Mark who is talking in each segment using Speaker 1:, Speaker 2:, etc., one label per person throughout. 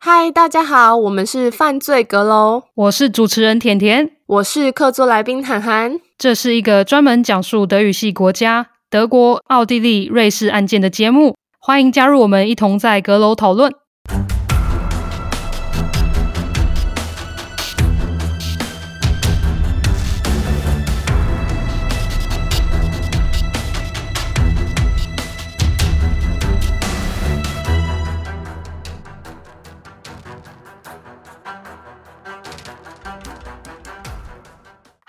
Speaker 1: 嗨，大家好，我們是犯罪閣樓，我是主持人甜甜，我是客座來賓函函，這是一個專門講述德語系國家德國、奧地利、瑞士案件的節目，歡迎加入我們，一同在閣樓討論。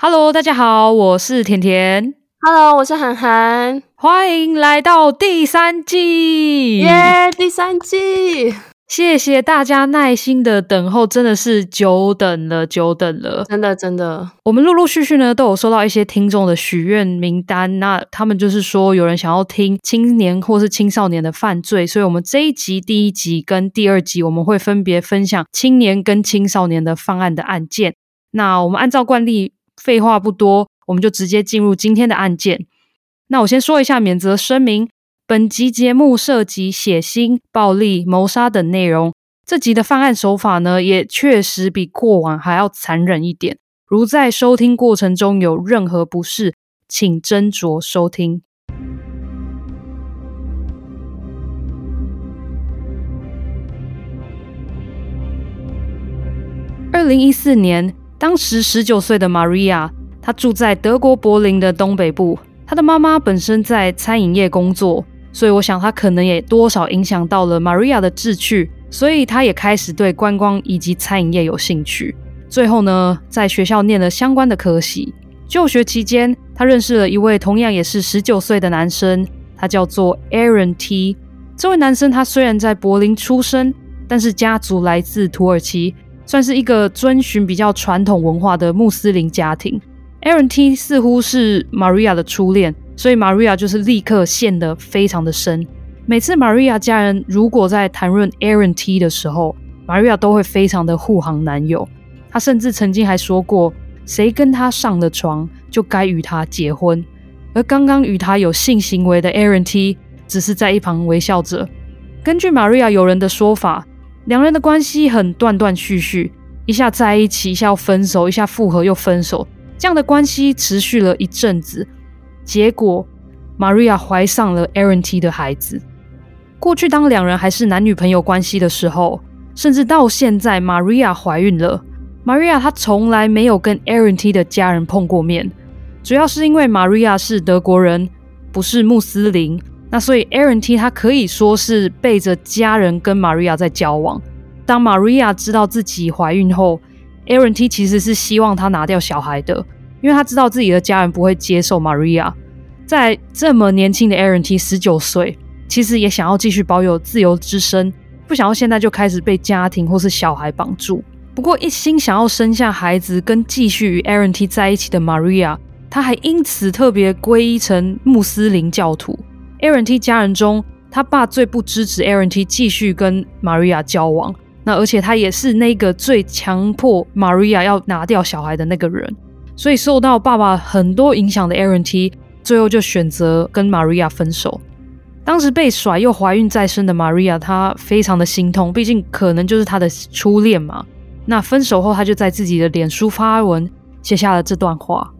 Speaker 1: Hello，大家好，我是甜甜。Hello，我是函函。歡迎來到第三季，耶！第三季，謝謝大家耐心的等候，真的是久等了，久等了，真的真的。我們陸陸續續呢都有收到一些聽眾的許願名單，那他們就是說有人想要聽青年或是青少年的犯罪，所以我們這一集第一集跟第二集我們會分別分享青年跟青少年的犯案的案件。那我們按照慣例。廢話不多，我們就直接進入今天的案件。那我先說一下免責聲明：本集節目涉及血腥、暴力、謀殺等內容。這集的犯案手法呢，也確實比過往還要殘忍一點。如在收聽過程中有任何不適，請斟酌收聽。二零一四年。當時十九歲的 Maria，她住在德國柏林的東北部。她的媽媽本身在餐飲業工作，所以我想她可能也多少影響到了 Maria 的志趣，所以她也開始對觀光以及餐飲業有興趣。最後呢，在學校念了相關的科系。就學期間，她認識了一位同樣也是十九歲的男生，他叫做 Aaron T。這位男生他雖然在柏林出生，但是家族來自土耳其。算是一個遵循比較傳統文化的穆斯林家庭。Aaron T. 似乎是 Maria 的初戀，所以 Maria 就是立刻陷得非常的深。每次 Maria 家人如果在談論 Aaron T. 的時候，Maria 都會非常的護航男友。他甚至曾經還說過，誰跟他上了床就該與他結婚。而剛剛與他有性行為的 Aaron T. 只是在一旁微笑着。根據 Maria 友人的說法。兩人的關係很斷斷續續，一下在一起，一下要分手，一下復合又分手。這樣的關係持續了一陣子，結果 Maria 懷上了 Aaron T 的孩子。過去當兩人還是男女朋友關係的時候，甚至到現在 Maria 懷孕了，Maria 她從來沒有跟 Aaron T 的家人碰過面，主要是因為 Maria 是德國人，不是穆斯林。那所以，Aaron T 他可以說是背着家人跟 Maria 在交往。當 Maria 知道自己懷孕後，Aaron T 其實是希望他拿掉小孩的，因為他知道自己的家人不會接受 Maria。在這麼年輕的 Aaron T 十九歲，其實也想要繼續保有自由之身，不想要現在就開始被家庭或是小孩綁住。不過，一心想要生下孩子跟繼續與 Aaron T 在一起的 Maria，他還因此特別皈依成穆斯林教徒。Aaron T 家人中，他爸最不支持 Aaron T 繼續跟 Maria 交往。那而且他也是那個最強迫 Maria 要拿掉小孩的那個人。所以受到爸爸很多影響的 Aaron T，最後就選擇跟 Maria 分手。當時被甩又懷孕在身的 Maria，她非常的心痛，畢竟可能就是她的初戀嘛。那分手後，她就在自己的臉書發文，寫下了這段話：“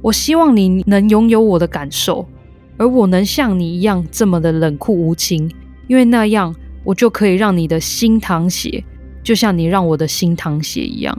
Speaker 1: 我希望你能擁有我的感受。”而我能像你一樣這麼的冷酷無情，因為那樣我就可以讓你的心淌血，就像你讓我的心淌血一樣。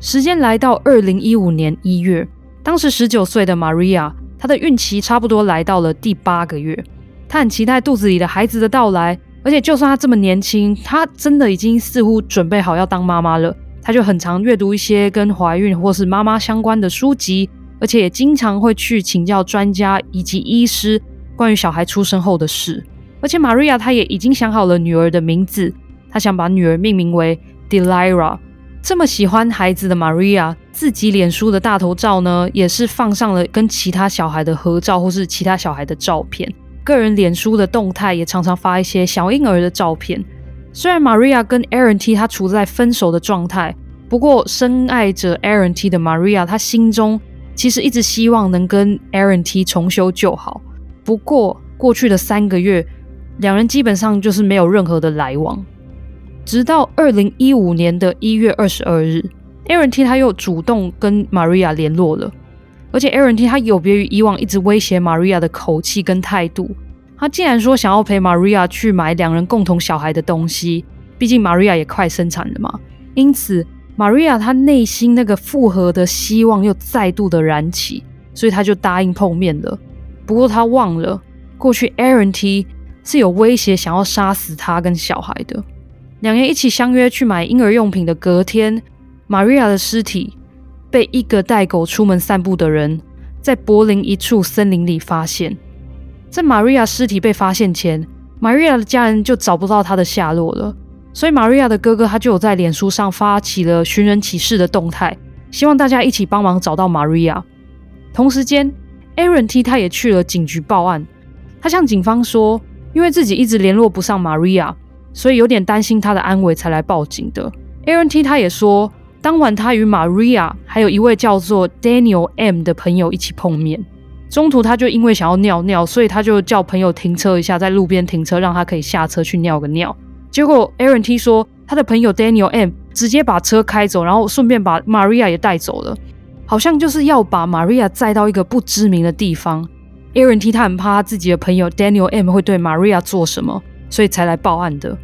Speaker 1: 時間來到二零一五年一月，當時十九歲的 Maria，她的孕期差不多來到了第八個月，她很期待肚子裡的孩子的到來，而且就算她這麼年輕，她真的已經似乎準備好要當媽媽了。她就很常閱讀一些跟懷孕或是媽媽相關的書籍。而且也經常會去請教專家以及醫師關於小孩出生後的事。而且 Maria 她也已經想好了女兒的名字，她想把女兒命名為 Delira。這麼喜歡孩子的 Maria，自己臉書的大頭照呢，也是放上了跟其他小孩的合照或是其他小孩的照片。個人臉書的動態也常常發一些小嬰兒的照片。雖然 Maria 跟 Aaron T 她處在分手的狀態，不過深愛着 Aaron T 的 Maria，她心中。其實一直希望能跟 Aaron T 重修舊好，不過過去的三個月，兩人基本上就是沒有任何的來往。直到二零一五年的一月二十二日，Aaron T 他又主動跟 Maria 聯絡了，而且 Aaron T 他有別於以往一直威脅 Maria 的口氣跟態度，他竟然說想要陪 Maria 去買兩人共同小孩的東西，畢竟 Maria 也快生產了嘛，因此。瑪利亞，她內心那個複合的希望又再度的燃起，所以她就答應碰面了。不過她忘了，過去 Aaron T 是有威脅，想要殺死她跟小孩的。兩人一起相約去買嬰兒用品的隔天，瑪利亞的屍體被一個帶狗出門散步的人，在柏林一處森林裡發現。在瑪利亞屍體被發現前，瑪利亞的家人就找不到她的下落了。所以，瑪利亞的哥哥他就有在臉書上發起了尋人啟事的動態，希望大家一起幫忙找到瑪利亞。同時間，Aaron T 他也去了警局報案。他向警方說，因為自己一直聯絡不上 Maria，所以有點擔心她的安危，才來報警的。Aaron T 他也說，當晚他與 Maria 還有一位叫做 Daniel M 的朋友一起碰面，中途他就因為想要尿尿，所以他就叫朋友停車一下，在路邊停車，讓他可以下車去尿個尿。結果，Aaron T 說，他的朋友 Daniel M 直接把車開走，然後順便把 Maria 也帶走了，好像就是要把 Maria 載到一個不知名的地方。Aaron T 他很怕他自己的朋友 Daniel M 會對 Maria 做什麼，所以才來報案的。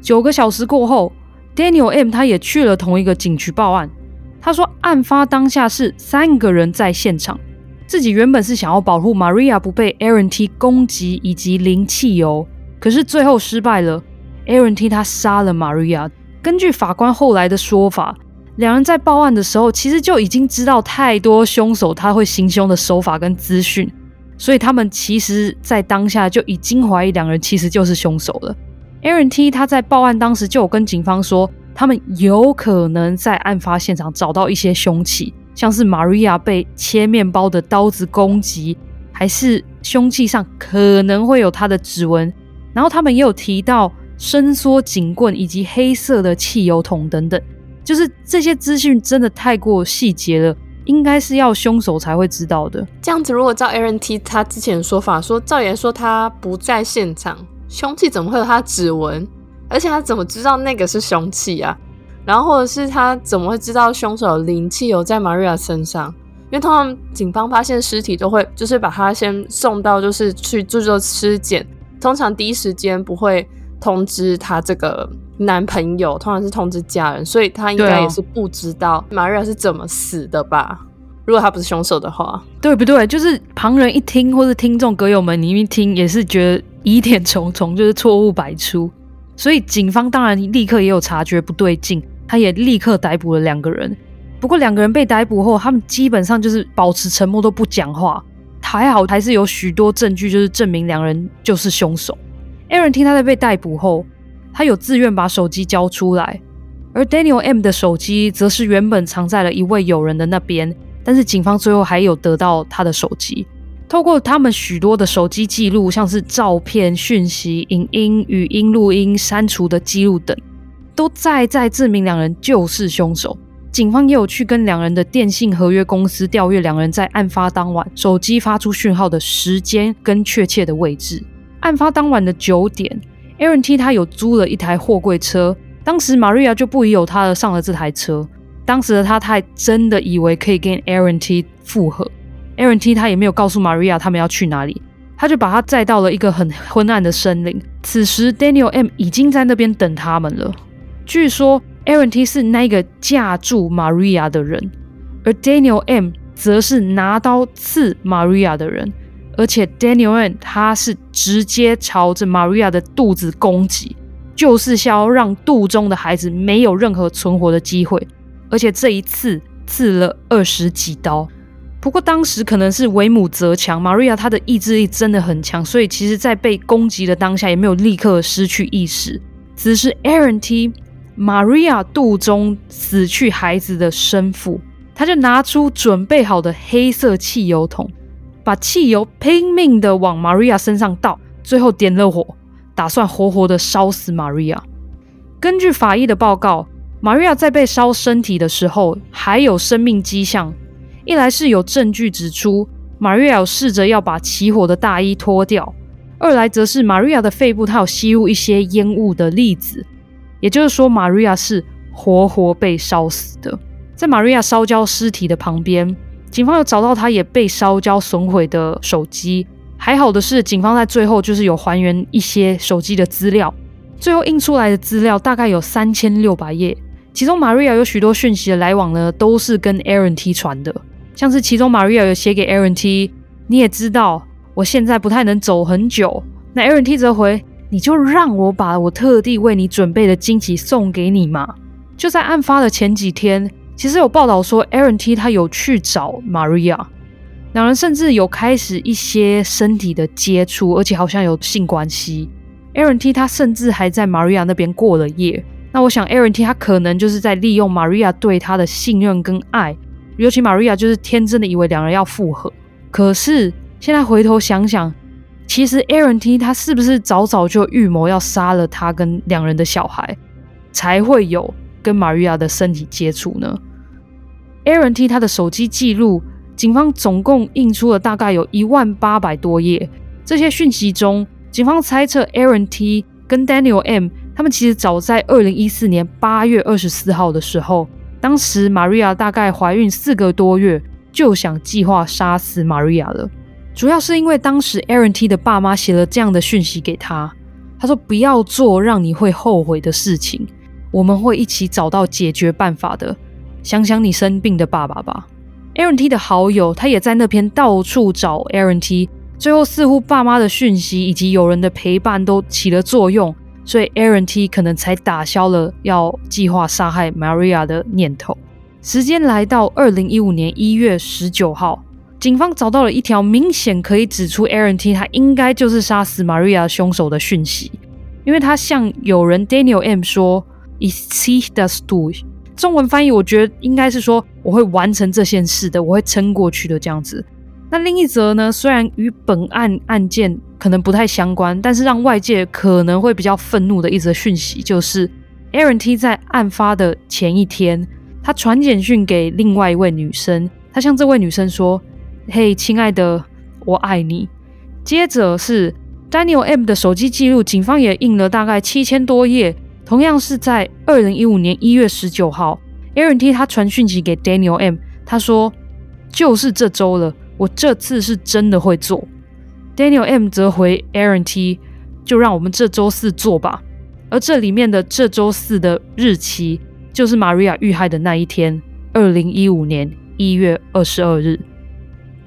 Speaker 1: 九個小時過後，Daniel M 他也去了同一個警局報案。他說，案發當下是三個人在現場，自己原本是想要保護 Maria 不被 Aaron T 攻擊以及淋汽油，可是最後失敗了。Aaron T 他殺了 Maria。根據法官後來的說法，兩人在報案的時候，其實就已經知道太多兇手他會行兇的手法跟資訊，所以他們其實在當下就已經懷疑兩人其實就是兇手了。Aaron T 他在報案當時就有跟警方說，他們有可能在案發現場找到一些兇器，像是 Maria 被切麵包的刀子攻擊，還是兇器上可能會有他的指紋。然後他們也有提到。伸縮警棍以及黑色的汽油桶等等，就是這些資訊真的太過細節了，應該是要兇手才會知道的。
Speaker 2: 這樣子，如果照 Aaron T 他之前的說法說，說趙岩說他不在現場，兇器怎麼會有他指紋？而且他怎麼知道那個是兇器啊？然後或者是他怎麼會知道兇手淋汽油在 Maria 身上？因為通常警方發現屍體都會就是把他先送到就是去做做屍檢，通常第一時間不會。通知他這個男朋友，通常是通知家人，所以他應該也是不知道瑪瑞亞是怎麼死的吧，哦？如果他不是兇手的話，
Speaker 1: 對不對？就是旁人一聽，或是聽眾閣友們你一聽，也是覺得疑點重重，就是錯誤百出。所以警方當然立刻也有察覺不對勁，他也立刻逮捕了兩個人。不過兩個人被逮捕後，他們基本上就是保持沉默，都不講話。還好還是有許多證據，就是證明兩人就是兇手。Aaron 聽他在被逮捕後，他有自願把手機交出來，而 Daniel M 的手機則是原本藏在了一位友人的那邊，但是警方最後還有得到他的手機。透過他們許多的手機記錄，像是照片、訊息、影音、語音錄音、刪除的記錄等，都再再證明兩人就是兇手。警方也有去跟兩人的電信合約公司調閱兩人在案發當晚手機發出訊號的時間跟確切的位置。案發當晚的九點，Aaron T 他有租了一台貨櫃車，當時 Maria 就不疑有他的上了這台車。當時的他太真的以為可以跟 Aaron T 復合，Aaron T 他也沒有告訴 Maria 他們要去哪裡，他就把他載到了一個很昏暗的森林。此時 Daniel M 已經在那邊等他們了。據說 Aaron T 是那個架住 Maria 的人，而 Daniel M 則是拿刀刺 Maria 的人。而且 Daniel Ann 他是直接朝着 Maria 的肚子攻擊，就是想要讓肚中的孩子沒有任何存活的機會。而且這一次刺了二十幾刀。不過當時可能是為母則強，Maria 她的意志力真的很強，所以其實，在被攻擊的當下也沒有立刻失去意識。只是 Aaron 替 Maria 肚中死去孩子的生父，他就拿出準備好的黑色汽油桶。把汽油拼命的往 Maria 身上倒，最後點了火，打算活活的燒死 Maria。根據法醫的報告，Maria 在被燒身體的時候還有生命跡象。一來是有證據指出 Maria 有試着要把起火的大衣脫掉；二來則是 Maria 的肺部他有吸入一些煙霧的粒子，也就是說 Maria 是活活被燒死的。在 Maria 燒焦屍體的旁邊。警方又找到他也被燒焦損毀的手機。還好的是，警方在最後就是有還原一些手機的資料。最後印出來的資料大概有三千六百頁，其中 Maria 有許多訊息的來往呢，都是跟 Aaron T 傳的。像是其中 Maria 有寫給 Aaron T：“ 你也知道，我現在不太能走很久。”那 Aaron T 則回：“你就讓我把我特地為你準備的驚喜送給你嘛。”就在案發的前幾天。其實有報道說，Aaron T 他有去找 Maria，兩人甚至有開始一些身體的接觸，而且好像有性關係。Aaron T 他甚至還在 Maria 那邊過了夜。那我想，Aaron T 他可能就是在利用 Maria 對他的信任跟愛，尤其 Maria 就是天真的以為兩人要復合。可是現在回頭想想，其實 Aaron T 他是不是早早就預謀要殺了他跟兩人的小孩，才會有？跟 Maria 的身體接觸呢？Aaron T 他的手機記錄，警方總共印出了大概有一萬八百多頁。這些訊息中，警方猜測 Aaron T 跟 Daniel M 他們其實早在二零一四年八月二十四號的時候，當時 Maria 大概懷孕四個多月，就想計劃殺死 Maria 了。主要是因為當時 Aaron T 的爸媽寫了這樣的訊息給他，他說：“不要做讓你會後悔的事情。”我們會一起找到解決辦法的。想想你生病的爸爸吧。Aaron T 的好友，他也在那邊到處找 Aaron T。最後，似乎爸媽的訊息以及友人的陪伴都起了作用，所以 Aaron T 可能才打消了要計劃殺害 Maria 的念頭。時間來到二零一五年一月十九號，警方找到了一條明顯可以指出 Aaron T 他應該就是殺死 Maria 兇手的訊息，因為他向友人 Daniel M 說。It see d e s do。中文翻譯我覺得應該是說，我會完成這件事的，我會撐過去的這樣子。那另一則呢，雖然與本案案件可能不太相關，但是讓外界可能會比較憤怒的一則訊息就是，Aaron T 在案發的前一天，他傳簡訊給另外一位女生，他向這位女生說：“嘿、hey，親愛的，我愛你。”接着是 Daniel M 的手機記錄，警方也印了大概七千多頁。同樣是在二零一五年一月十九號，Aaron T 他傳訊息給 Daniel M，他說：“就是這周了，我這次是真的會做。” Daniel M 則回 Aaron T：“ 就讓我們這周四做吧。”而這裡面的這周四的日期，就是 Maria 遇害的那一天，二零一五年一月二十二日。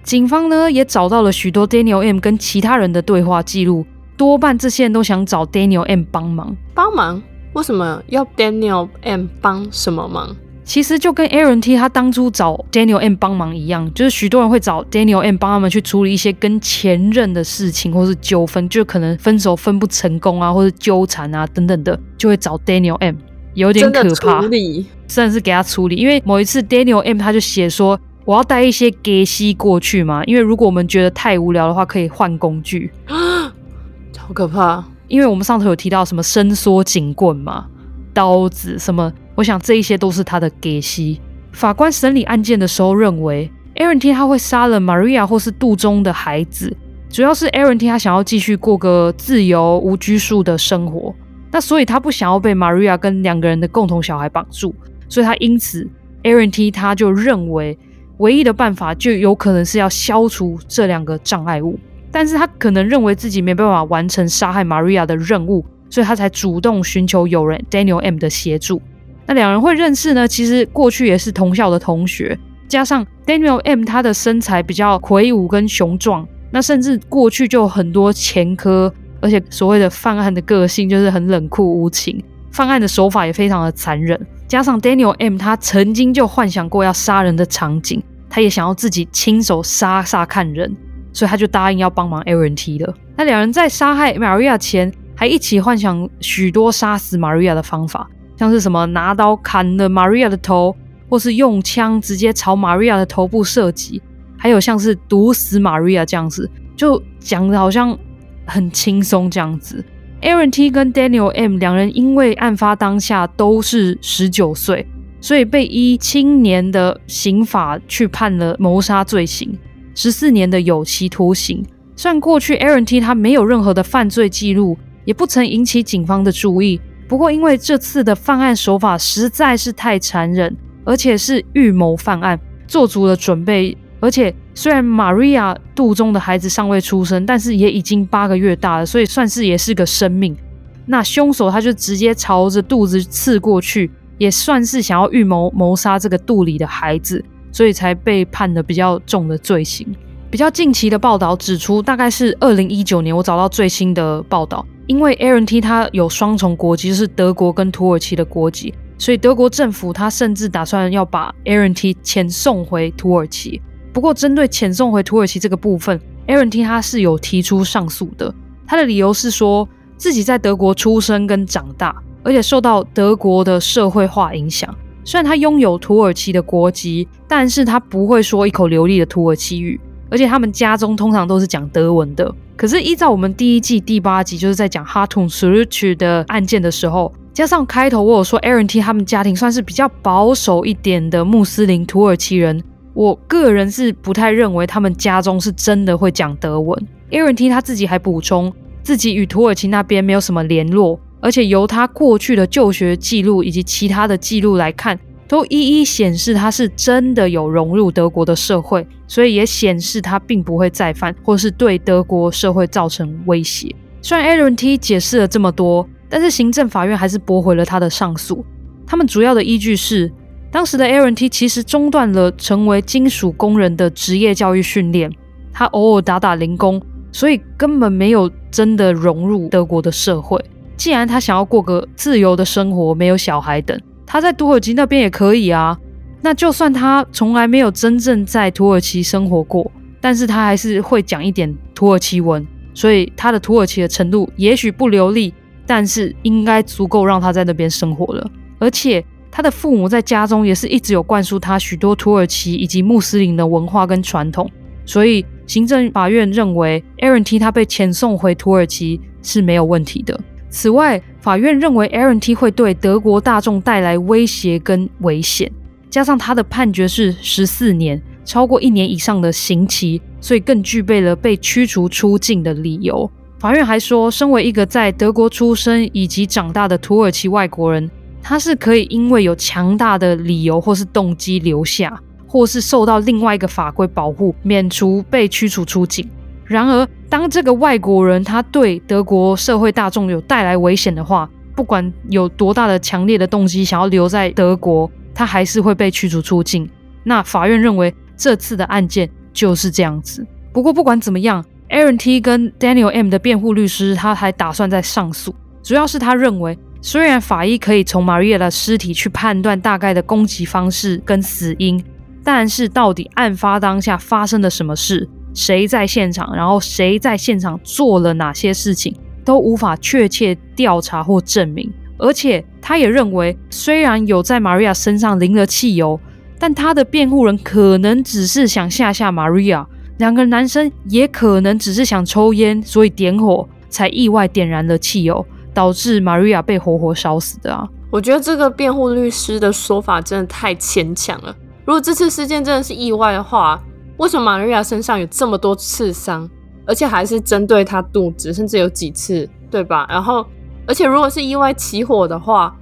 Speaker 1: 警方呢也找到了許多 Daniel M 跟其他人的對話記錄，多半這些人都想找 Daniel M 幫忙
Speaker 2: 幫忙。為什麼要 Daniel M 幫什麼忙？
Speaker 1: 其實就跟 Aaron T 他當初找 Daniel M 幫忙一樣，就是許多人會找 Daniel M 幫他們去處理一些跟前任的事情，或是糾紛，就可能分手分不成功啊，或者糾纏啊等等的，就會找 Daniel M，有點可怕，真的算是給他處理。因為某一次 Daniel M 他就寫說，我要帶一些格西過去嘛，因為如果我們覺得太無聊的話，可以換工具， 好可怕。因為我們上頭有提到什麼伸縮警棍嘛，刀子什麼，我想這一些都是他的給息 -si。法官審理案件的時候認為，Aaron T. 他會殺了 Maria 或是肚中的孩子，主要是 Aaron T. 他想要繼續過個自由無拘束的生活，那所以他不想要被 Maria 跟兩個人的共同小孩綁住，所以他因此 Aaron T. 他就認為唯一的辦法就有可能是要消除這兩個障礙物。但是他可能認為自己沒辦法完成殺害 Maria 的任務，所以他才主動尋求友人 Daniel M 的協助。那兩人會認識呢？其實過去也是同校的同學，加上 Daniel M 他的身材比較魁梧跟雄壯，那甚至過去就很多前科，而且所謂的犯案的個性就是很冷酷無情，犯案的手法也非常的殘忍。加上 Daniel M 他曾經就幻想過要殺人的場景，他也想要自己親手殺殺看人。所以他就答應要幫忙 Aaron T 了。那兩人在殺害 Maria 前，還一起幻想許多殺死 Maria 的方法，像是什麼拿刀砍了 Maria 的頭，或是用槍直接朝 Maria 的頭部射擊，還有像是毒死 Maria 這樣子，就講的好像很輕鬆這樣子。Aaron T 跟 Daniel M 兩人因為案發當下都是十九歲，所以被依青年的刑法去判了謀殺罪行。十四年的有期徒刑。算過去，Aaron T 他沒有任何的犯罪記錄，也不曾引起警方的注意。不過，因為這次的犯案手法實在是太殘忍，而且是預謀犯案，做足了準備。而且，雖然 Maria 肚中的孩子尚未出生，但是也已經八個月大了，所以算是也是個生命。那兇手他就直接朝着肚子刺過去，也算是想要預謀謀殺這個肚裡的孩子。所以才被判的比較重的罪行。比較近期的報道指出，大概是二零一九年，我找到最新的報道。因為艾倫 T 他有雙重國籍，就是德國跟土耳其的國籍，所以德國政府他甚至打算要把艾倫 T 遣送回土耳其。不過，針對遣送回土耳其這個部分，艾倫 T 他是有提出上訴的。他的理由是說自己在德國出生跟長大，而且受到德國的社會化影響。雖然他擁有土耳其的國籍，但是他不會說一口流利的土耳其語，而且他們家中通常都是講德文的。可是依照我們第一季第八集就是在講 Hatun Sürücü 的案件的時候，加上開頭我有說，Ernt 他們家庭算是比較保守一點的穆斯林土耳其人，我個人是不太認為他們家中是真的會講德文。Ernt 他自己還補充，自己與土耳其那邊沒有什麼聯絡。而且由他過去的就學記錄以及其他的記錄來看，都一一顯示他是真的有融入德國的社會，所以也顯示他並不會再犯，或是對德國社會造成威脅。雖然 Aaron T 解釋了這麼多，但是行政法院還是駁回了他的上訴。他們主要的依據是，當時的 Aaron T 其實中斷了成為金屬工人的職業教育訓練，他偶爾打打零工，所以根本沒有真的融入德國的社會。既然他想要過個自由的生活，沒有小孩等，他在土耳其那邊也可以啊。那就算他從來沒有真正在土耳其生活過，但是他還是會講一點土耳其文，所以他的土耳其的程度也許不流利，但是應該足夠讓他在那邊生活了。而且他的父母在家中也是一直有灌輸他許多土耳其以及穆斯林的文化跟傳統，所以行政法院認為，Aaron T 他被遣送回土耳其是沒有問題的。此外，法院認為 LNT 會對德國大眾帶來威脅跟危險，加上他的判決是十四年，超過一年以上的刑期，所以更具備了被驅逐出境的理由。法院還說，身為一個在德國出生以及長大的土耳其外國人，他是可以因為有強大的理由或是動機留下，或是受到另外一個法規保護，免除被驅逐出境。然而，當這個外國人他對德國社會大眾有帶來危險的話，不管有多大的強烈的動機想要留在德國，他還是會被驅逐出境。那法院認為這次的案件就是這樣子。不過，不管怎麼樣，Aaron T 跟 Daniel M 的辯護律師他還打算再上訴，主要是他認為，雖然法醫可以從 Maria 的屍體去判斷大概的攻擊方式跟死因，但是到底案發當下發生了什麼事？誰在現場，然後誰在現場做了哪些事情都無法確切調查或證明。而且，他也認為，雖然有在瑪利亞身上淋了汽油，但他的辯護人可能只是想嚇嚇瑪利亞。兩個男生也可能只是想抽煙，所以點火才意外點燃了汽油，導致瑪利亞被活活燒死的啊！
Speaker 2: 我覺得這個辯護律師的說法真的太牽強了。如果這次事件真的是意外的話，為什麼瑪利亞身上有這麼多刺傷，而且還是針對她肚子，甚至有幾次，對吧？然後，而且如果是意外起火的話，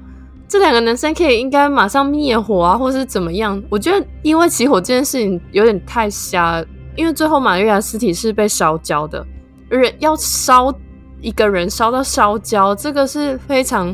Speaker 2: 這兩個男生可以應該馬上滅火啊，或是怎麼樣？我覺得意外起火這件事情有點太瞎了，因為最後瑪利亞屍體是被燒焦的，人要燒一個人燒到燒焦，這個是非常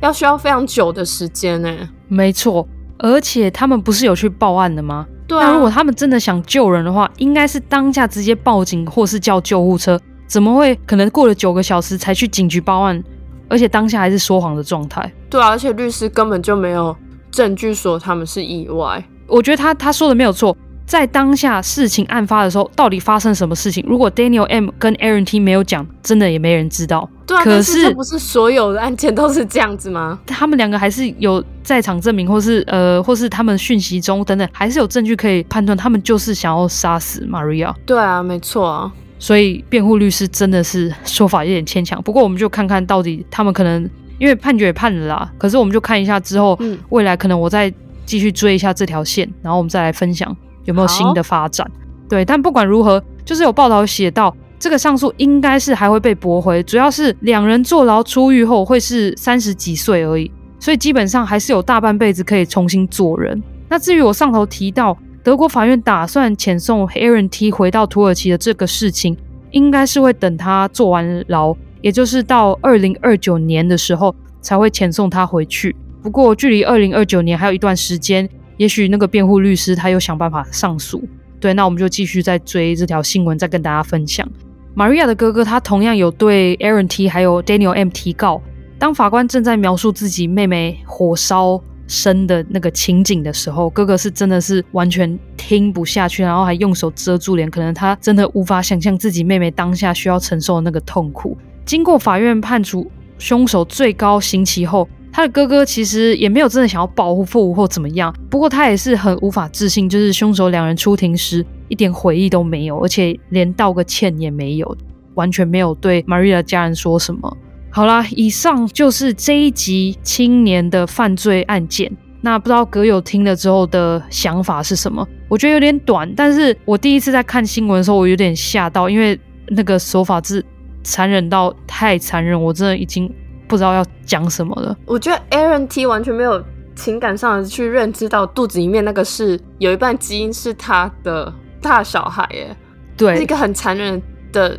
Speaker 2: 要需要非常久的時間呢、欸。
Speaker 1: 沒錯，而且他們不是有去報案的嗎？對啊，那如果他們真的想救人的話，應該是當下直接報警或是叫救護車，怎麼會可能過了九個小時才去警局報案，而且當下還是說謊的狀態？
Speaker 2: 對啊，而且律師根本就沒有證據說他們是意外，我覺得他他說的沒有錯。在當下事情
Speaker 1: 案發的時候，到底發生什麼事情？如果 Daniel M 跟 Aaron T 沒有講，真的也沒人知道。
Speaker 2: 啊、可是，這不
Speaker 1: 是所有的案件都是這樣子嗎？他們兩個還是有在場證明，或是呃，或是他們訊息中等等，還是有證據可以判斷他們就是想要殺死 Maria。對啊，沒錯啊。所以辯護律師真的是說法有點牽強。不過我們就看看到底他們可能因為判決也判了啦。可是我們就看一下之後，嗯、未來可能我再繼續追一下這條線，然後我們再來分享。有沒有新的發展？對，但不管如何，就是有報道寫到，這個上訴應該是還會被駁回。主要是兩人坐牢出獄後會是三十幾歲而已，所以基本上還是有大半輩子可以重新做人。那至於我上頭提到德國法院打算遣送黑人 T 回到土耳其的這個事情，應該是會等他坐完牢，也就是到二零二九年的時候才會遣送他回去。不過距離二零二九年還有一段時間。也許那個辯護律師他又想辦法上訴，對，那我們就繼續再追這條新聞，再跟大家分享。瑪利亞的哥哥他同樣有對 Aaron T 還有 Daniel M 提告。當法官正在描述自己妹妹火燒身的那個情景的時候，哥哥是真的是完全聽不下去，然後還用手遮住臉，可能他真的無法想象自己妹妹當下需要承受的那個痛苦。經過法院判處兇手最高刑期後。他的哥哥其實也沒有真的想要保護父母或怎麼樣，不過他也是很無法置信，就是凶手兩人出庭時一點悔意都沒有，而且連道個歉也沒有，完全沒有對 Maria 的家人說什麼。好啦，以上就是這一集青年的犯罪案件。那不知道閣友聽了之後的想法是什麼？我覺得有點短，但是我第一次在看新聞的時候，我有點嚇到，因為那個手法是殘忍到太殘忍，我真的已經。不知道要講什麼了。
Speaker 2: 我覺得 Aaron T 完全沒有情感上的去認知到肚子裡面那個是有一半基因是他的，他小孩耶。
Speaker 1: 對，是一個很
Speaker 2: 殘忍的，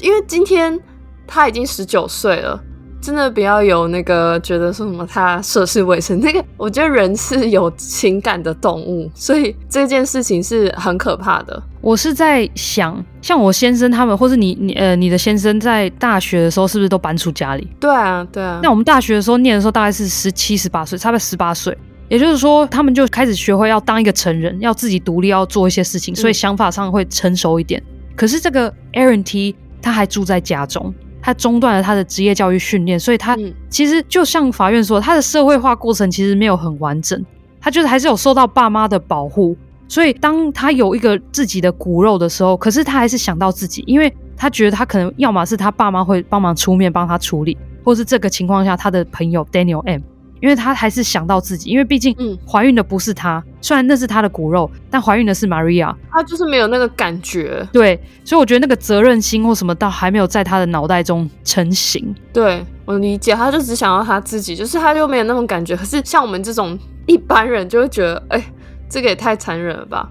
Speaker 2: 因為今天他已經十九歲了。真的不要有那個覺得說什麼他涉世未深，那個我覺得人是有情感的動物，所以這件事情是很可怕的。我
Speaker 1: 是在想，像我先生他們，或是你你呃你的先生，在大學的時候是不是都搬出家裡？對啊，對啊。那我們大學的時候念的時候，大概是十七、十八歲，差不多十八歲，也就是說他們就開始學會要當一個成人，要自己獨立，要做一些事情，所以想法上會成熟一點。嗯。可是這個 Aaron T 他還住在家中。他中斷了他的職業教育訓練，所以他其實就像法院說，他的社會化過程其實沒有很完整。他就是還是有受到爸媽的保護，所以當他有一個自己的骨肉的時候，可是他還是想到自己，因為他覺得他可能要麼是他爸媽會幫忙出面幫他處理，或是這個情況下他的朋友 Daniel M。因為她還是想到自己，因為畢竟懷孕的不是她，嗯，雖然那是她的骨肉，但懷孕的是 Maria，
Speaker 2: 她就是沒有那個感覺。
Speaker 1: 對，所以我覺得那個責任心或什麼，倒還沒有在她的腦袋中成型。
Speaker 2: 對我理解，她就只想要她自己，就是她又沒有那種感覺。可是像我們這種一般人，就會覺得，哎、欸，這個也太殘忍了吧！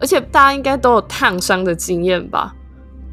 Speaker 2: 而且大家應該都有燙傷的經驗吧？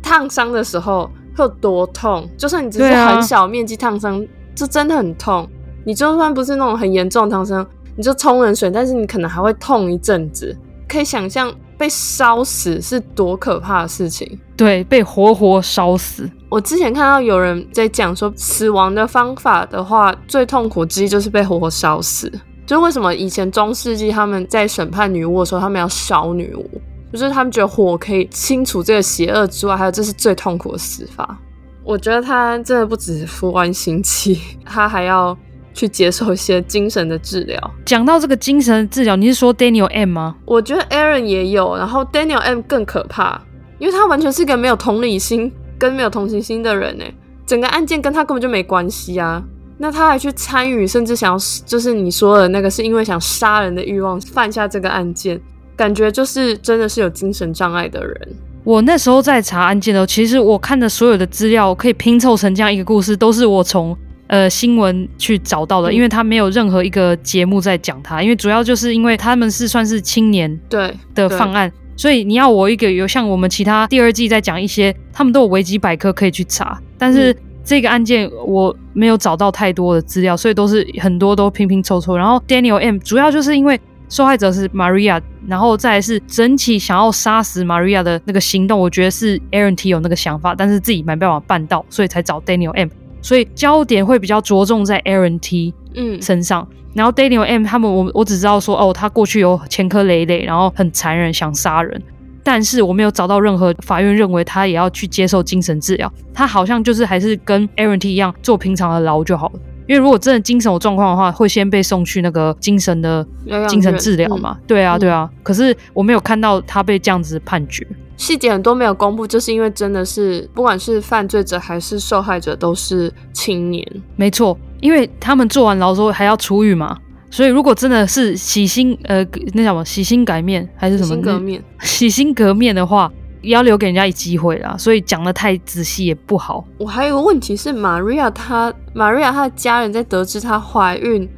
Speaker 2: 燙傷的時候會有多痛，就算你只是很小面積燙傷，就真的很痛。你就算不是那種很嚴重的燙傷，你就沖冷水，但是你可能還會痛一陣子。可以想象被燒死是多可怕的事情，對，被活活燒死。我之前看到有人在講說，死亡的方法的話，最痛苦之一就是被活活燒死。就是為什麼以前中世紀他們在審判女巫的時候，他們要燒女巫，就是他們覺得火可以清除這個邪惡之外，還有這是最痛苦的死法。我覺得他真的不只服完刑期，他還要去接受一些精神的治療。講到這個精神的治療，你是說 Daniel M 嗎？我覺得 Aaron 也有，然後 Daniel M 更可怕，因為他完全是一個沒有同理心跟沒有同情心的人。哎，整個案件跟他根本就沒關係啊，那他還去參與，甚至想要，就是你說的那個，是因為想殺人的慾望犯下這個案件，感覺就是真的是有精神障礙的人。
Speaker 1: 我那時候在查案件的時候，其實我看的所有的資料我可以拼湊成這樣一個故事，都是我從。呃，新聞去找到的，因為他沒有任何一個節目在講他，因為主要就是因為他們是算是青年的對的犯案，所以你要我一個有像我們其他第二季在講一些，他們都有維基百科可以去查，但是這個案件我沒有找到太多的資料，所以都是很多都拼拼湊湊。然後 Daniel M 主要就是因為受害者是 Maria，然後再來是整體想要殺死 Maria 的那個行動，我覺得是 Aaron T 有那個想法，但是自己沒辦法辦到，所以才找 Daniel M。所以焦點會比較着重在 Aaron T. 嗯，身上嗯，然後 Daniel M. 他們，我我只知道說哦，他過去有前科累累，然後很殘忍，想殺人，但是我沒有找到任何法院認為他也要去接受精神治療，他好像就是還是跟 Aaron T. 一樣做平常的牢就好了。因為如果真的精神有狀況的話，會先被送去那個精神的精神治療嘛、嗯？對啊對啊、嗯。可是我沒有看到他被這樣子判決。
Speaker 2: 細節很多沒有公布，就是因為真的是不管是犯罪者還是受害者都是青年，
Speaker 1: 沒錯，因為他們坐完牢之後還要出獄嘛，所以如果真的是洗心，呃那叫什麼洗心改面，還是什麼洗心革面，洗心革面的話，要留給人家一機會啦，所以講得太仔細也不好。
Speaker 2: 我還有個問題是瑪，瑪瑞亞她瑪瑞亞她的家人在得知她懷孕，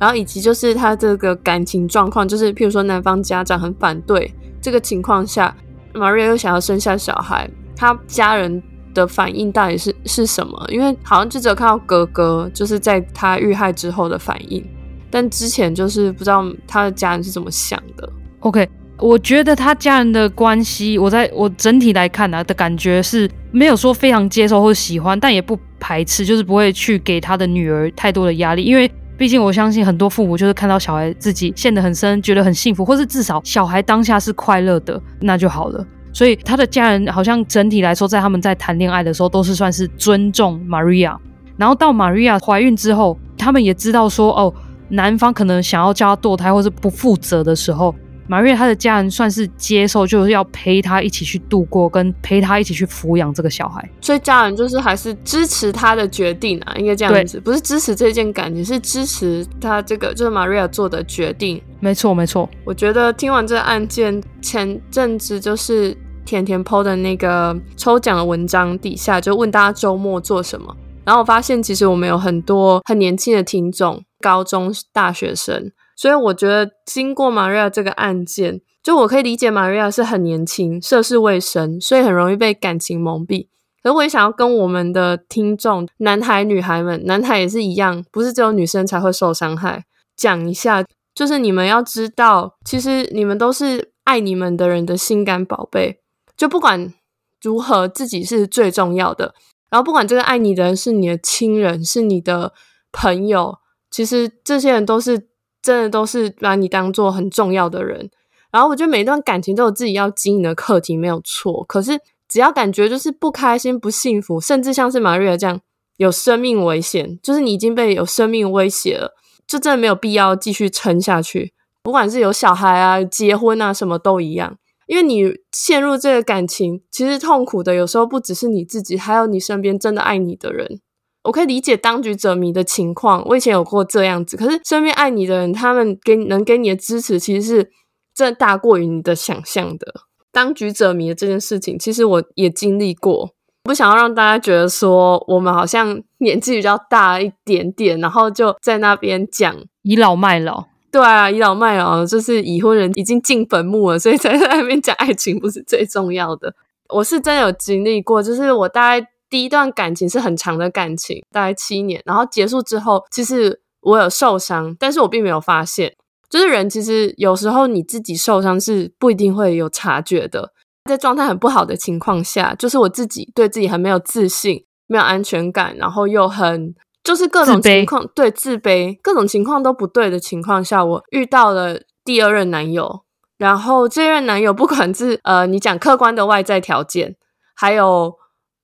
Speaker 2: 然後以及就是她這個感情狀況，就是譬如說男方家長很反對這個情況下。Maria 又想要生下小孩，他家人的反應到底是是什麼？因為好像就只有看到哥哥，就是在他遇害之後的反應，但之前就是不知道他的家人是怎麼想的。
Speaker 1: OK，我覺得他家人的關係，我在我整體來看啊的感覺是沒有說非常接受或喜歡，但也不排斥，就是不會去給他的女兒太多的壓力，因為。畢竟，我相信很多父母就是看到小孩自己陷得很深，覺得很幸福，或是至少小孩當下是快樂的，那就好了。所以他的家人好像整體來說，在他們在談戀愛的時候都是算是尊重 Maria，然後到 Maria 懷孕之後，他們也知道說，哦，男方可能想要叫她墮胎或是不負責的時候。Maria 他的家人算是接受，就是要陪他一起去度過，跟陪他一起去撫養這個小孩，
Speaker 2: 所以家人就是還是支持他的決定啊，應該這樣子，不是支持這件感情，是支持他這個就是 Maria 做的決定。
Speaker 1: 沒錯，沒錯。
Speaker 2: 我覺得聽完這個案件前陣子，就是甜甜 Po 的那個抽獎的文章底下，就問大家周末做什麼，然後我發現其實我們有很多很年輕的聽眾，高中大學生。所以我覺得，經過瑪利亞這個案件，就我可以理解瑪利亞是很年輕、涉世未深，所以很容易被感情蒙蔽。而我也想要跟我們的聽眾，男孩、女孩們，男孩也是一樣，不是只有女生才會受傷害。講一下，就是你們要知道，其實你們都是愛你們的人的心肝寶貝，就不管如何，自己是最重要的。然後，不管這個愛你的人是你的親人，是你的朋友，其實這些人都是。真的都是把你當做很重要的人，然後我覺得每一段感情都有自己要經營的課題，沒有錯。可是只要感覺就是不開心、不幸福，甚至像是瑪麗亞這樣有生命危險，就是你已經被有生命威脅了，就真的沒有必要繼續撐下去。不管是有小孩啊、結婚啊，什麼都一樣，因為你陷入這個感情，其實痛苦的有時候不只是你自己，還有你身邊真的愛你的人。我可以理解當局者迷的情況，我以前有過這樣子。可是身邊愛你的人，他們給能給你的支持，其實是真的大過於你的想象的。當局者迷的這件事情，其實我也經歷過。不想要讓大家覺得說我們好像年紀比較大一點點，然後就在那邊講倚老賣老。對啊，倚老賣老就是已婚人已經進墳墓了，所以才在那邊講愛情不是最重要的。我是真的有經歷過，就是我大概。第一段感情是很長的感情，大概七年。然後結束之後，其實我有受傷，但是我並沒有發現。就是人其實有時候你自己受傷是不一定會有察覺的，在狀態很不好的情況下，就是我自己對自己很沒有自信，沒有安全感，然後又很，就是各種情況自卑，對，自卑，各種情況都不對的情況下，我遇到了第二任男友。然後這任男友不管是呃，你講客觀的外在條件，還有。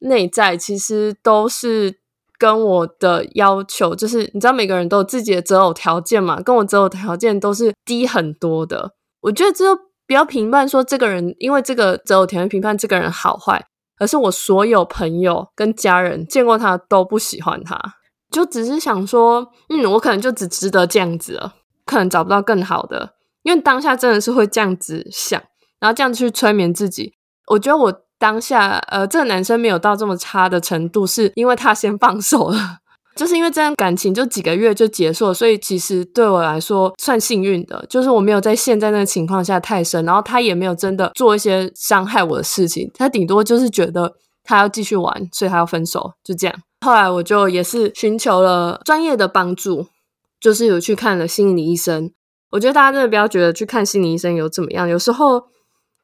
Speaker 2: 內在其實都是跟我的要求，就是你知道，每個人都有自己的擇偶條件嘛，跟我擇偶條件都是低很多的。我覺得這不要評判說這個人，因為這個擇偶條件評判這個人好壞，而是我所有朋友跟家人見過他都不喜歡他，就只是想說，嗯，我可能就只值得這樣子了，可能找不到更好的，因為當下真的是會這樣子想，然後這樣子去催眠自己。我覺得我。當下，呃，這個男生沒有到這麼差的程度，是因為他先放手了，就是因為這段感情就幾個月就結束了，所以其實對我來說算幸運的，就是我沒有在陷在那個情況下太深，然後他也沒有真的做一些傷害我的事情，他頂多就是覺得他要繼續玩，所以他要分手，就這樣。後來我就也是尋求了專業的幫助，就是有去看了心理醫生。我覺得大家真的不要覺得去看心理醫生有怎麼樣，有時候。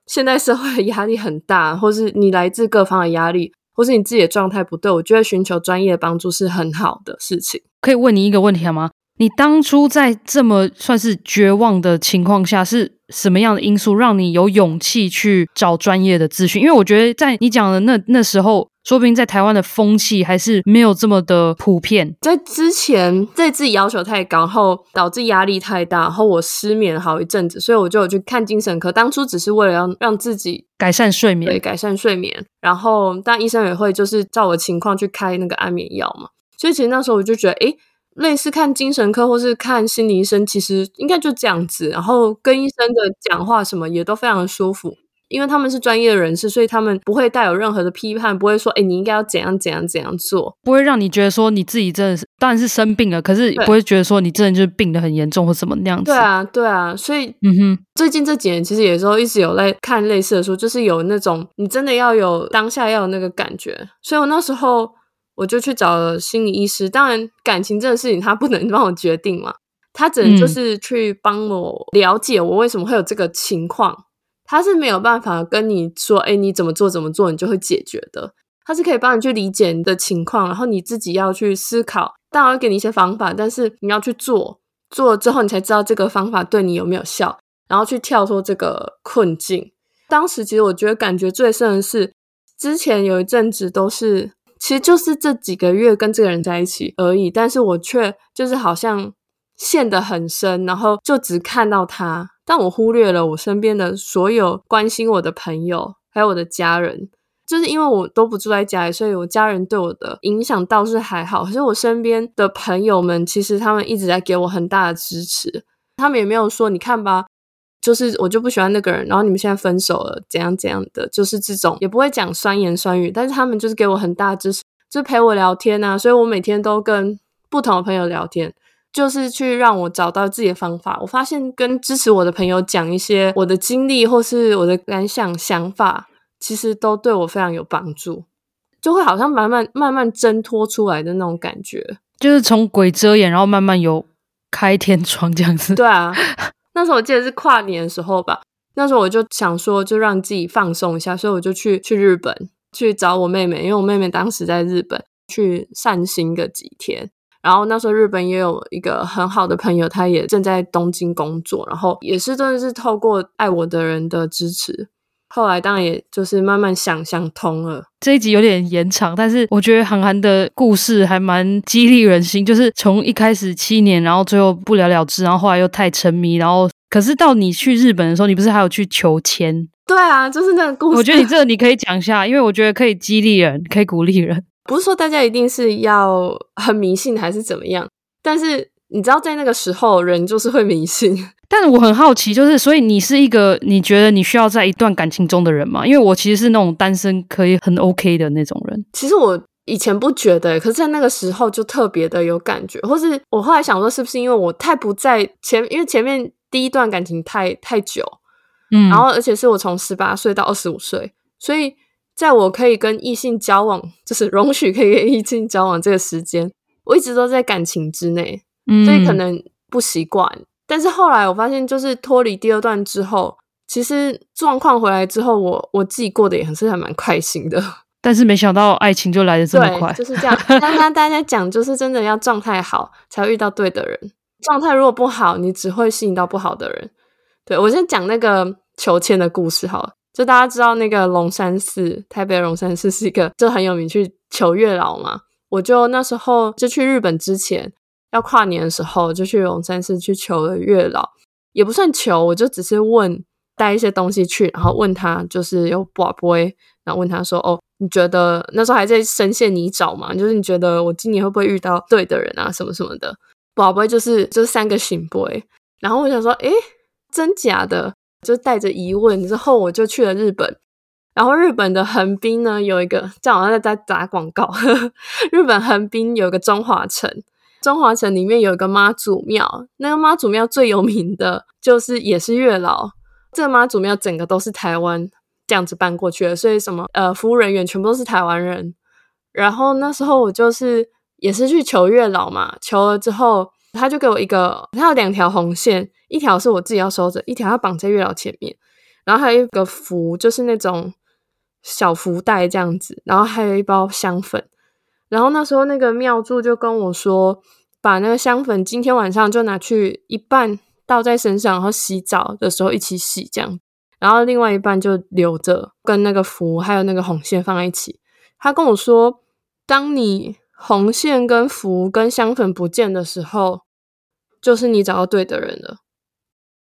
Speaker 2: 現在社會的壓力很大，或是你來自各方的壓力，或是你自己的狀態不對，我覺得尋求專業的幫助是很好的事情。
Speaker 1: 可以問你一個問題好嗎？你當初在這麼算是絕望的情況下，是什麼樣的因素讓你有勇氣去找專業的諮詢？因為我覺得在你講的那那時候。說不定在台灣的風氣還是沒有這麼的普遍。
Speaker 2: 在之前對自己要求太高，然後導致壓力太大，然後我失眠好一陣子，所以我就有去看精神科。當初只是為了要讓自己
Speaker 1: 改善睡眠。對，
Speaker 2: 改善睡眠。然後，但醫生也會就是照我情況去開那個安眠藥嘛。所以其實那時候我就覺得，哎，類似看精神科或是看心理醫生，其實應該就這樣子。然後跟醫生的講話什麼也都非常的舒服。因為他們是專業的人士，所以他們不會帶有任何的批判，不會說“哎，你應該要怎樣怎樣怎樣做”，
Speaker 1: 不會讓你覺得說
Speaker 2: 你自己真的是當然是生病
Speaker 1: 了，可是不會覺得說你真的就是病得很嚴重或什麼那樣子。對
Speaker 2: 啊，對啊，所以嗯哼，最近這幾年其實有時候一直有在看類似的書，就是有那種你真的要有當下要有那個感覺，所以我那時候我就去找了心理醫師。當然，感情這個事情他不能幫我決定嘛，他只能就是去幫我了解我為什麼會有這個情況。嗯。他是沒有辦法跟你說，哎，你怎麼做怎麼做，你就會解決的。他是可以幫你去理解你的情況，然後你自己要去思考。當然我會給你一些方法，但是你要去做，做了之後你才知道這個方法對你有沒有效，然後去跳脫這個困境。當時其實我覺得感覺最深的是，之前有一陣子都是，其實就是這幾個月跟這個人在一起而已，但是我卻就是好像陷得很深，然後就只看到他。但我忽略了我身邊的所有關心我的朋友，還有我的家人，就是因為我都不住在家裡，所以我家人對我的影響倒是還好。可是我身邊的朋友們，其實他們一直在給我很大的支持，他們也沒有說你看吧，就是我就不喜歡那個人，然後你們現在分手了，怎樣怎樣的，就是這種也不會講酸言酸語，但是他們就是給我很大的支持，就陪我聊天吶、啊，所以我每天都跟不同的朋友聊天。就是去讓我找到自己的方法。我發現跟支持我的朋友講一些我的經歷或是我的感想、想法，其實都對我非常有幫助，就會好像慢慢慢慢掙脫出來的那種感覺，
Speaker 1: 就是從鬼遮眼，然後慢慢有開天窗這樣子。
Speaker 2: 對啊，那時候我記得是跨年的時候吧，那時候我就想說，就讓自己放鬆一下，所以我就去去日本去找我妹妹，因為我妹妹當時在日本去散心個幾天。然後那時候日本也有一個很好的朋友，他也正在東京工作，然後也是真的是透過愛我的人的支持，後來當然也就是慢慢想想通了。
Speaker 1: 這一集有點延長，但是我覺得函函的故事還蠻激勵人心，就是從一開始七年，然後最後不了了之，然後後來又太沉迷，然後可是到你去日本的時候，你不是還有去求簽？
Speaker 2: 對啊，就是那個故事。我覺得你這個
Speaker 1: 你可以講一下，因為我覺得可以激勵人，可以鼓勵人。
Speaker 2: 不是說大家一定是要很迷信還是怎麼樣，但是你知道，在那個時候人就是會迷信。
Speaker 1: 但是我很好奇，就是所以你是一個你覺得你需要在一段感情中的人嗎？因為我其實是那
Speaker 2: 種單身可
Speaker 1: 以很 OK 的那種人。
Speaker 2: 其實我以前不覺得，可是在那個時候就特別的有感覺，或是我後來想說，是不是因為我太不在前，因為前面第一段感情太太久，
Speaker 1: 嗯，然後
Speaker 2: 而且是我從十八歲到二十五歲，所以。在我可以跟異性交往，就是容許可以跟異性交往這個時間，我一直都在感情之內，所以可能不習慣。嗯。但是後來我發現，就是脫離第二段之後，其實狀況回來之後我，我我自己過得也很是還蠻開心的。
Speaker 1: 但是沒想到愛情就來得這麼快，對，就是
Speaker 2: 這樣。剛剛大家講，就是真的要狀態好才會遇到對的人，狀 態如果不好，你只會吸引到不好的人。對，我先講那個求籤的故事好了。就大家知道那個龍山寺，台北的龍山寺是一個，就很有名去求月老嘛。我就那時候就去日本之前要跨年的時候，就去龍山寺去求了月老，也不算求，我就只是問，帶一些東西去，然後問他就是有博杯，然後問他說：“哦，你覺得那時候還在深陷泥沼嗎？就是你覺得我今年會不會遇到對的人啊，什麼什麼的？”博杯就是就是三個聖杯。然後我想說，誒，真假的。就帶着疑問之後，我就去了日本，然後日本的橫濱呢，有一個，這樣好像在打廣告呵呵。日本橫濱有一個中華城，中華城裡面有一個媽祖廟，那個媽祖廟最有名的就是也是月老。這個媽祖廟整個都是台灣這樣子搬過去的，所以什麼呃服務人員全部都是台灣人。然後那時候我就是也是去求月老嘛，求了之後他就給我一個，他有兩條紅線。一條是我自己要收着，一條要綁在月老前面，然後還有一個符就是那種小福袋這樣子，然後還有一包香粉。然後那時候那個廟祝就跟我說，把那個香粉今天晚上就拿去一半倒在身上，然後洗澡的時候一起洗，這樣。然後另外一半就留着，跟那個符，還有那個紅線放在一起。他跟我說，當你紅線跟符跟香粉不見的時候，就是你找到對的人了。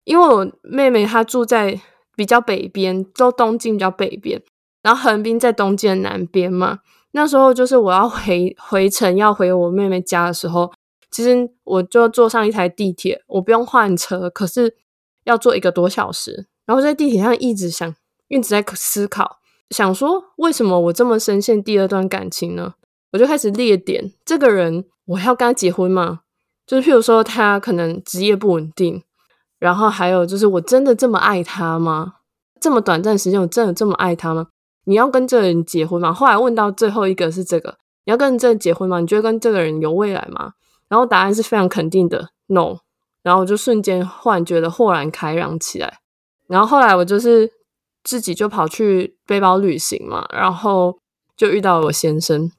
Speaker 2: 因為我妹妹她住在比較北邊，就東京比較北邊，然後橫濱在東京的南邊嘛。那時候就是我要回回城，要回我妹妹家的時候，其實我就坐上一台地鐵，我不用換車，可是要坐一個多小時。然後在地鐵上一直想，一直在思考，想說為什麼我這麼深陷第二段感情呢？我就開始列點，這個人我要跟他結婚嘛，就是譬如說他可能職業不穩定。然後還有就是，我真的這麼愛他嗎？這麼短暫的時間，我真的這麼愛他嗎？你要跟這個人結婚嗎？後來問到最後一個是這個，你要跟這個人結婚嗎？你覺得跟這個人有未來嗎？然後答案是非常肯定的，no。然後我就瞬間忽然覺得豁然開朗起來。然後後來我就是自己就跑去背包旅行嘛，然後就遇到了我先生。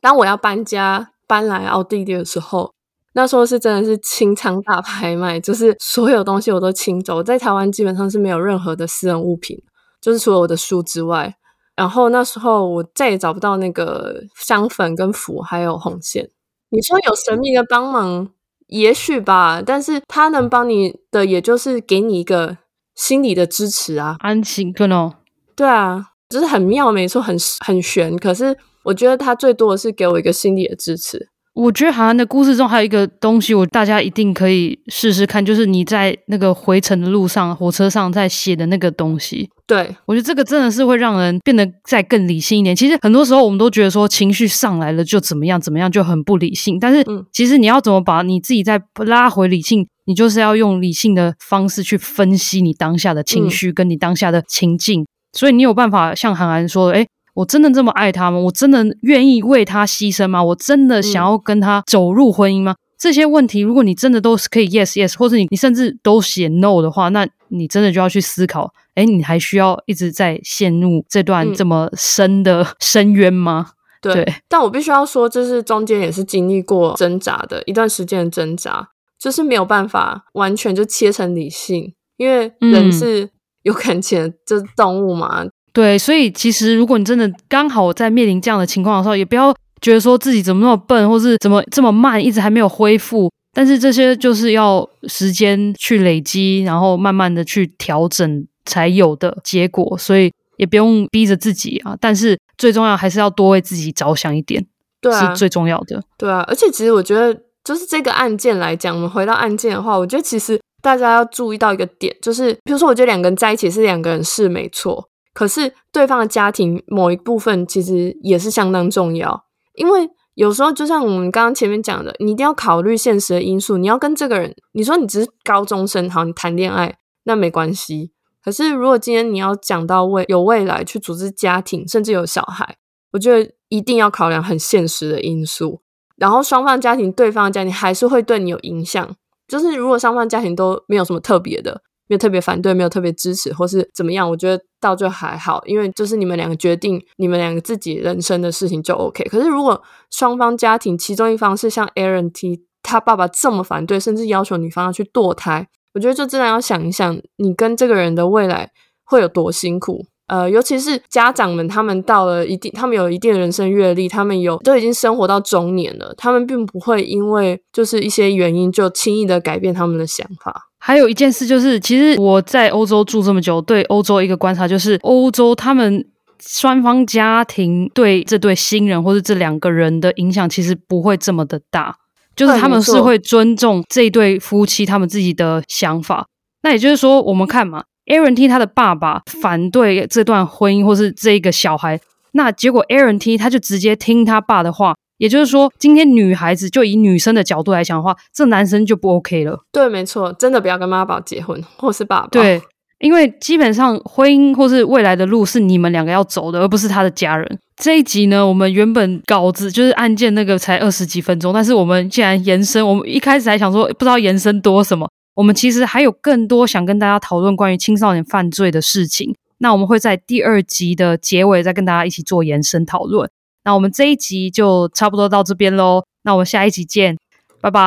Speaker 2: 當我要搬家搬來奧地利的時候。那時候是真的是清倉大拍賣，就是所有東西我都清走，我在台灣基本上是沒有任何的私人物品，就是除了我的書之外。然後那時候我再也找不到那個香粉跟符，還有紅線。你說有神秘的幫忙，也許吧，但是他能幫你的，也就是給你一個心理的支持啊，安心可能。對啊，就是很妙，沒錯，很很玄。可是我覺得他最多的是給我一個心理的支持。
Speaker 1: 我覺得函函的故事中還有一個東西，我大家一定可以試試看，就是你在那個回程的路上，火車上在寫的那個東西。對。我覺得這個真的是會讓人變得再更理性一點。其實很多時候我們都覺得說，情緒上來了就怎麼樣怎麼樣，就很不理性，但是其實你要怎麼把你自己再拉回理性，你就是要用理性的方式去分析你當下的情緒跟你當下的情境。嗯、所以你有辦法像函函說，哎。我真的這麼愛他嗎？我真的願意為他犧牲嗎？我真的想要跟他走入婚姻嗎？嗯、這些問題，如果你真的都是可以 yes yes，或者你你甚至都寫 no 的話，那你真的就要去思考，誒，你還需要一直在陷入這段這麼深的深淵嗎？嗯、對。
Speaker 2: 但我必須要說，就是中間也是經歷過掙扎的，一段時間的掙扎，就是沒有辦法完全就切成理性，因為人是有感情的，嗯，就是動物嘛。
Speaker 1: 對，所以其實如果你真的剛好在面臨這樣的情況的時候，也不要覺得說自己怎麼那麼笨，或是怎麼這麼慢，一直還沒有恢復。但是這些就是要時間去累積，然後慢慢的去調整才有的結果。所以也不用逼着自己啊。但是最重要還是要多為自己着想一點，
Speaker 2: 對啊，是最重要的。對啊，而且其實我覺得，就是這個案件來講，我們回到案件的話，我覺得其實大家要注意到一個點，就是比如說，我覺得兩個人在一起是兩個人是沒錯。可是，對方的家庭某一部分其實也是相當重要，因為有時候就像我們剛剛前面講的，你一定要考慮現實的因素。你要跟這個人，你說你只是高中生，好，你談戀愛那沒關係。可是，如果今天你要講到未有未來去組織家庭，甚至有小孩，我覺得一定要考量很現實的因素。然後，雙方家庭、對方的家庭還是會對你有影響。就是如果雙方家庭都沒有什麼特別的。沒有特別反對，沒有特別支持，或是怎麼樣，我覺得倒就還好，因為就是你們兩個決定，你們兩個自己人生的事情就 OK。可是如果雙方家庭其中一方是像 Aaron T 他爸爸這麼反對，甚至要求女方要去墮胎，我覺得就真的要想一想，你跟這個人的未來會有多辛苦。呃，尤其是家長們，他們到了一定，他們有一定的人生閱歷，他們有，都已經生活到中年了，他們並不會因為就是一些原因就輕易的改變他們的想法。
Speaker 1: 還有一件事就是，其實我在歐洲住這麼久，對歐洲一個觀察就是，歐洲他們雙方家庭對這對新人或者這兩個人的影響其實不會這麼的大，就是他們是會尊重這對夫妻他們自己的想法。那也就是說，我們看嘛，Aaron T 他的爸爸反對這段婚姻或是這個小孩，那結果 Aaron T 他就直接聽他爸的話。也就是說，今天女孩子就以女生的角度來講的話，這男生就不 OK 了。
Speaker 2: 對，沒錯，真的不要跟媽寶結婚，或是爸爸。對，
Speaker 1: 因為基本上婚姻或是未來的路是你們兩個要走的，而不是他的家人。這一集呢，我們原本稿子就是案件那個才二十幾分鐘，但是我們既然延伸，我們一開始還想說不知道延伸多什麼，我們其實還有更多想跟大家討論關於青少年犯罪的事情。那我們會在第二集的結尾再跟大家一起做延伸討論。那我們這一集就差不多到這邊嘍，那我們下一集見，拜拜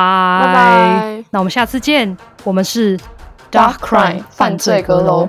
Speaker 1: 拜拜。那我們下次見，我們是 DACH
Speaker 2: Crime 犯罪閣樓。